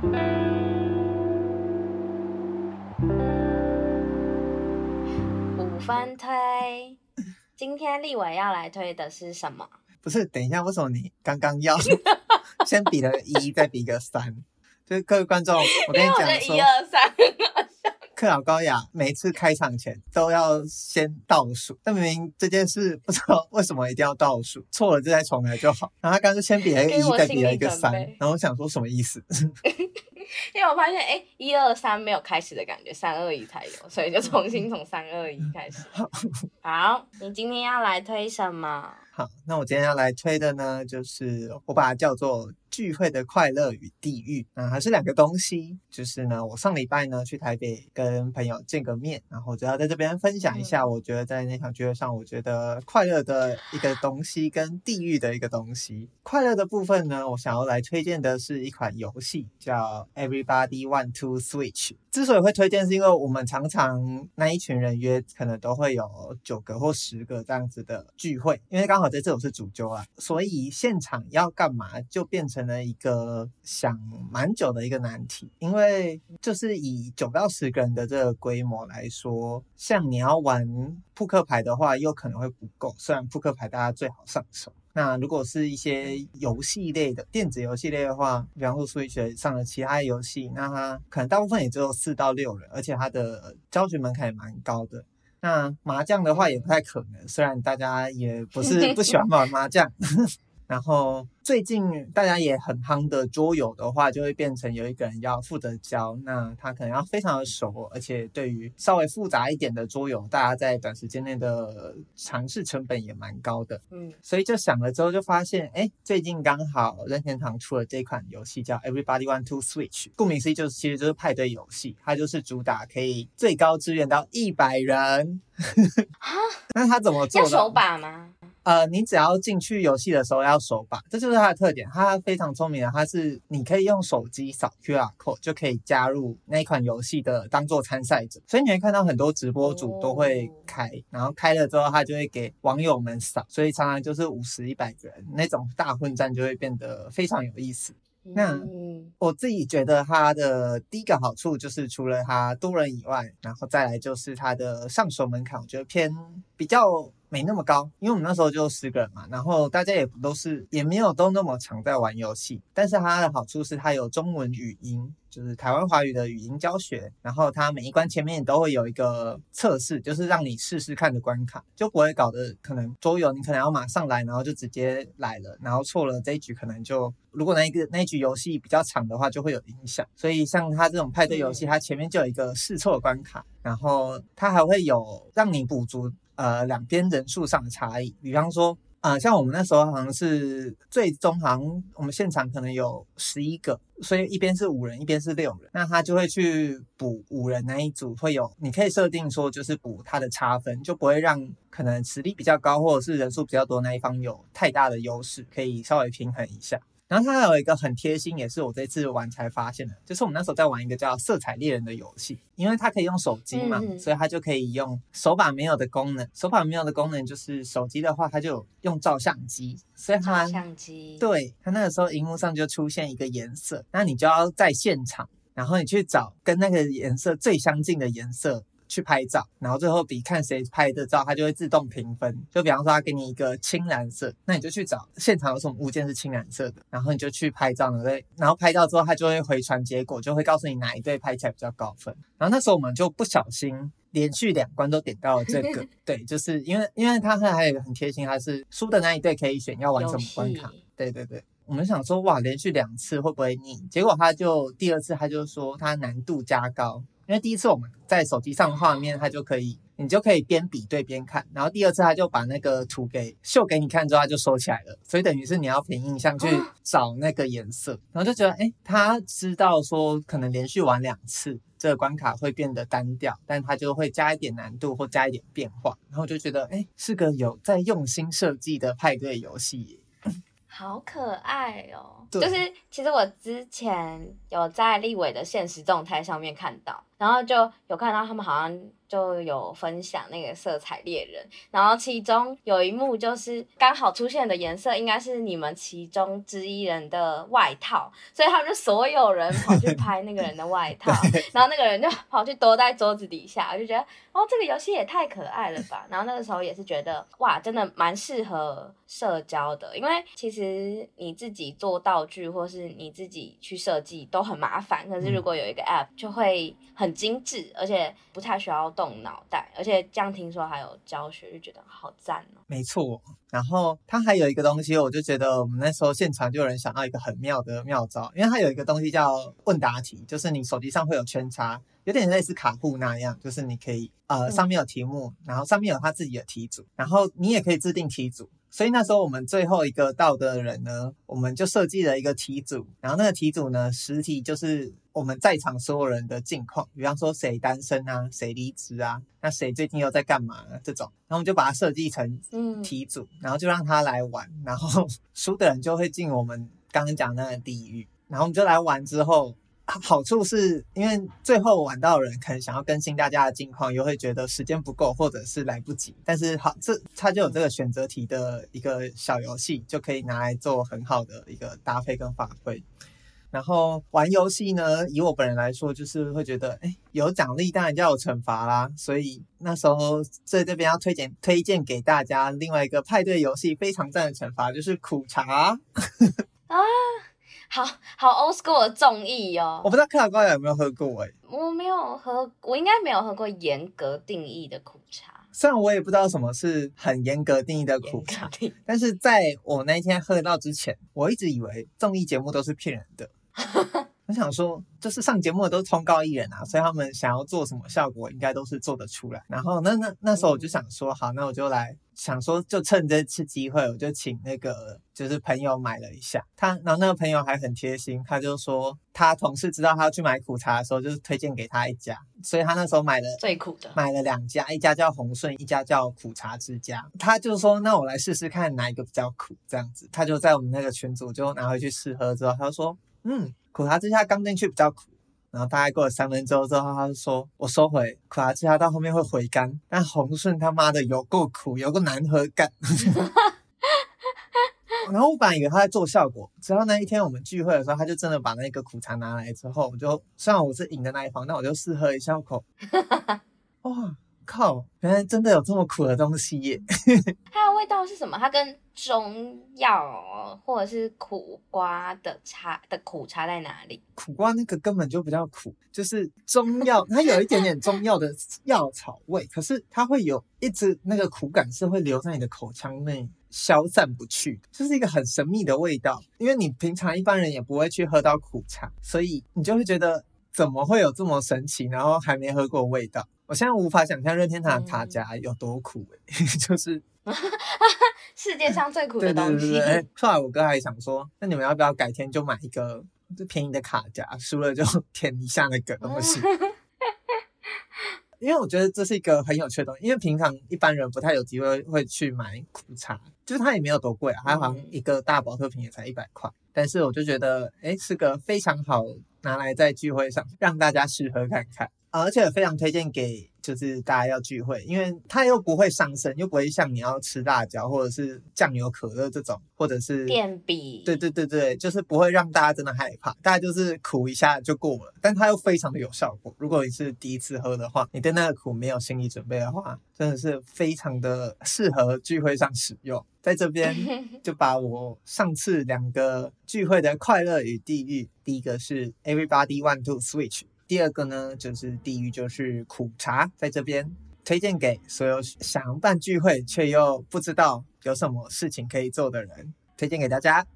五分推，今天力瑋要來推的是什麼？不是，等一下，為什麼你剛剛要 先比了一， 再比個三？就是各位觀眾，我跟你講說。一二三。克勞高雅每次開場前都要先倒數，那明明這件事不知道為什麼一定要倒數，錯了就再重來就好。然後他剛剛就先比了一個一，再比了一個三，然後我想說什麼意思。 因為我發現，哎、欸，一二三沒有開始的感覺，三二一才有，所以就重新從三二一開始。 好，好，你今天要來推什麼？好，那我今天要來推的呢，就是我把它叫做聚會的快樂與地獄啊，還是兩個東西。就是呢，我上禮拜呢去台北跟朋友見個面，然後主要在這邊分享一下，我覺得在那場聚會上，我覺得快樂的一個東西跟地獄的一個東西。 快樂的部分呢，我想要來推薦的是一款遊戲，叫 Everybody 1-2-Switch!。之所以會推薦，是因為我們常常那一群人約，可能都會有九個或十個這樣子的聚會，因為剛好在這我是主揪啊，所以現場要幹嘛，就變成了一個想蠻久的一個難題。因為就是以九到十個人的這個規模來說，像你要玩撲克牌的話，又可能會不夠。雖然撲克牌大家最好上手。那如果是一些遊戲類的，電子遊戲類的話，比方說 Switch 上的其他遊戲，那它可能大部分也只有四到六人，而且它的教學、呃、門檻也蠻高的。那麻將的話也不太可能，雖然大家也不是不喜歡玩麻將。 然後最近大家也很夯的桌遊的話，就會變成有一個人要負責教，那他可能要非常的熟，而且對於稍微複雜一點的桌遊，大家在短時間內的嘗試成本也蠻高的。嗯，所以就想了之後就發現，誒，最近剛好任天堂出了這款遊戲叫 Everybody 1-2-Switch，顧名思義就是其實就是派對遊戲，它就是主打可以最高支援到一百人。 啊，那他怎麼做？要手把嗎？呃，你只要進去遊戲的時候要手把，這就是它的特點。它非常聰明的，它是你可以用手機掃 QR code 就可以加入那一款遊戲的當做參賽者，所以你會看到很多直播主都會開，然後開了之後他就會給網友們掃，所以常常就是五十、一百個人那種大混戰就會變得非常有意思。那我自己覺得它的第一個好處就是除了它多人以外，然後再來就是它的上手門檻，我覺得偏比較沒那麼高，因為我們那時候就十個人嘛，然後大家也不都是也沒有都那麼常在玩遊戲，但是它的好處是它有中文語音。就是台灣華語的語音教學，然後它每一關前面都會有一個測試，就是讓你試試看的關卡，就不會搞得可能桌遊你可能要馬上來，然後就直接來了，然後錯了這一局可能就，如果那一個，那一局遊戲比較長的話，就會有影響。所以像它這種派對遊戲，對它前面就有一個試錯關卡，然後它還會有讓你補足呃兩邊人數上的差異，比方說。啊、呃，像我們那時候好像是最終好像我們現場可能有十一個，所以一邊是五人，一邊是六人，那他就會去補五人那一組會有，你可以設定說就是補他的差分，就不會讓可能實力比較高或者是人數比較多那一方有太大的優勢，可以稍微平衡一下。然後它還有一個很貼心，也是我這次玩才發現的，就是我們那時候在玩一個叫色彩獵人的遊戲，因為它可以用手機嘛，嗯、哼所以它就可以用手把沒有的功能。手把沒有的功能就是手機的話，它就有用照相機，所以它照相機。對，它那個時候熒幕上就出現一個顏色，那你就要在現場，然後你去找跟那個顏色最相近的顏色。去拍照，然後最後比看誰拍的照，它就會自動評分。就比方說，它給你一個青藍色，那你就去找現場有什麼物件是青藍色的，然後你就去拍照了。對，然後拍照之後，它就會回傳結果，就會告訴你哪一隊拍起來比較高分。然後那時候我們就不小心連續兩關都點到了這個， 對，就是因為因為它現在還有一個很貼心，還是輸的那一隊可以選要玩什麼關卡。是對對對，我們想說哇，連續兩次會不會膩？結果他就第二次他就說他難度加高。因為第一次我們在手機上畫面，它就可以，你就可以邊比對邊看，然後第二次它就把那個圖給秀給你看之後，它就收起來了，所以等於是你要憑印象去找那個顏色，然後就覺得，哎、欸，他知道說可能連續玩兩次這個關卡會變得單調，但他就會加一點難度或加一點變化，然後就覺得，哎、欸，是個有在用心設計的派對遊戲耶。好可愛哦、喔！對就是其實我之前有在力瑋的現實動態上面看到，然後就有看到他們好像。就有分享那個色彩獵人，然後其中有一幕就是剛好出現的顏色應該是你們其中之一人的外套，所以他們就所有人跑去拍那個人的外套， 然後那個人就跑去躲在桌子底下，我就覺得哦，這個遊戲也太可愛了吧。然後那個時候也是覺得哇，真的蠻適合社交的，因為其實你自己做道具或是你自己去設計都很麻煩，可是如果有一個 App 就會很精緻，而且不太需要。動腦袋，而且這樣聽說還有教學，就覺得好讚哦。沒錯，然後它還有一個東西，我就覺得我們那時候現場就有人想到一個很妙的妙招，因為它有一個東西叫問答題，就是你手機上會有圈叉，有點類似卡布那樣，就是你可以呃，上面有題目，嗯、然後上面有他自己的題組，然後你也可以制定題組。所以那時候我們最後一個到的人呢，我們就設計了一個題組，然後那個題組呢，實體就是我們在場所有人的近況，比方說誰單身啊，誰離職啊，那誰最近又在幹嘛呢這種，然後我們就把它設計成嗯題組，嗯、然後就讓他來玩，然後輸的人就會進我們剛剛講的那個地獄，然後我們就來玩之後。好，好處是因為最後玩到的人可能想要更新大家的近況，又會覺得時間不夠或者是來不及。但是好，這他就有這個選擇題的一個小遊戲，就可以拿來做很好的一個搭配跟發揮。然後玩遊戲呢，以我本人來說，就是會覺得，欸，有獎勵當然就要有懲罰啦。所以那時候在這邊要推薦推薦給大家另外一個派對遊戲，非常讚的懲罰就是苦茶啊。 啊好好 old school 的綜藝哦。我不知道克勞高雅有沒有喝過哎、欸，我沒有喝，我應該沒有喝過嚴格定義的苦茶。雖然我也不知道什麼是很嚴格定義的苦茶，但是在我那天喝到之前，我一直以為綜藝節目都是騙人的。 我想說，就是上節目都通告藝人啊，所以他們想要做什麼效果，應該都是做得出來。然後那那那時候我就想說，好，那我就來想說，就趁這次機會，我就請那個就是朋友買了一下他。然後那個朋友還很貼心，他就說他同事知道他要去買苦茶的時候，就是推薦給他一家，所以他那時候買了最苦的，買了兩家，一家叫弘順，一家叫苦茶之家。他就說，那我來試試看哪一個比較苦，這樣子。他就在我們那個群組就拿回去試喝之後，他就說，嗯。苦茶這下剛進去比較苦，然後大概過了三分鐘之後，他就說：“我收回苦茶，這下到後面會回甘。”但弘順他媽的有夠苦，有夠難喝幹。然後我本來以為他在做效果，直到那一天我們聚會的時候，他就真的把那個苦茶拿來之後，我就雖然我是贏的那一方，那我就試喝一小口。 哇！靠！原來真的有這麼苦的東西耶。 它的味道是什麼？它跟中藥或者是苦瓜的茶的苦差在哪裡？苦瓜那個根本就比較苦，就是中藥它有一點點中藥的藥草味， 可是它會有一直那個苦感是會留在你的口腔內消散不去，就是一個很神秘的味道。因為你平常一般人也不會去喝到苦茶，所以你就會覺得怎麼會有這麼神奇，然後還沒喝過味道。我現在無法想象任天堂的卡夾有多苦，欸嗯、 就是世界上最苦的東西。後、 欸、來我哥還想說，那你們要不要改天就買一個最便宜的卡夾，輸了就舔一下那個東西。嗯、 因為我覺得這是一個很有趣的東西，因為平常一般人不太有機會會去買苦茶，就是它也沒有多貴，啊，嗯、它好像一個大寶特瓶也才一百塊。但是我就覺得，哎、欸，是個非常好拿來在聚會上讓大家試喝看看。而且也非常推薦給就是大家要聚會，因為它又不會傷身，又不會像你要吃辣椒或者是醬油可樂這種，或者是電筆。便比對對對對，就是不會讓大家真的害怕，大家就是苦一下就過了。但它又非常的有效果。如果你是第一次喝的話，你對那個苦沒有心理準備的話，真的是非常的適合聚會上使用。在這邊就把我上次兩個聚會的快樂與地獄， 第一個是 Everybody 1-2-Switch。第二個呢，就是地獄就是苦茶，在這邊推薦給所有想辦聚會卻又不知道有什麼事情可以做的人，推薦給大家。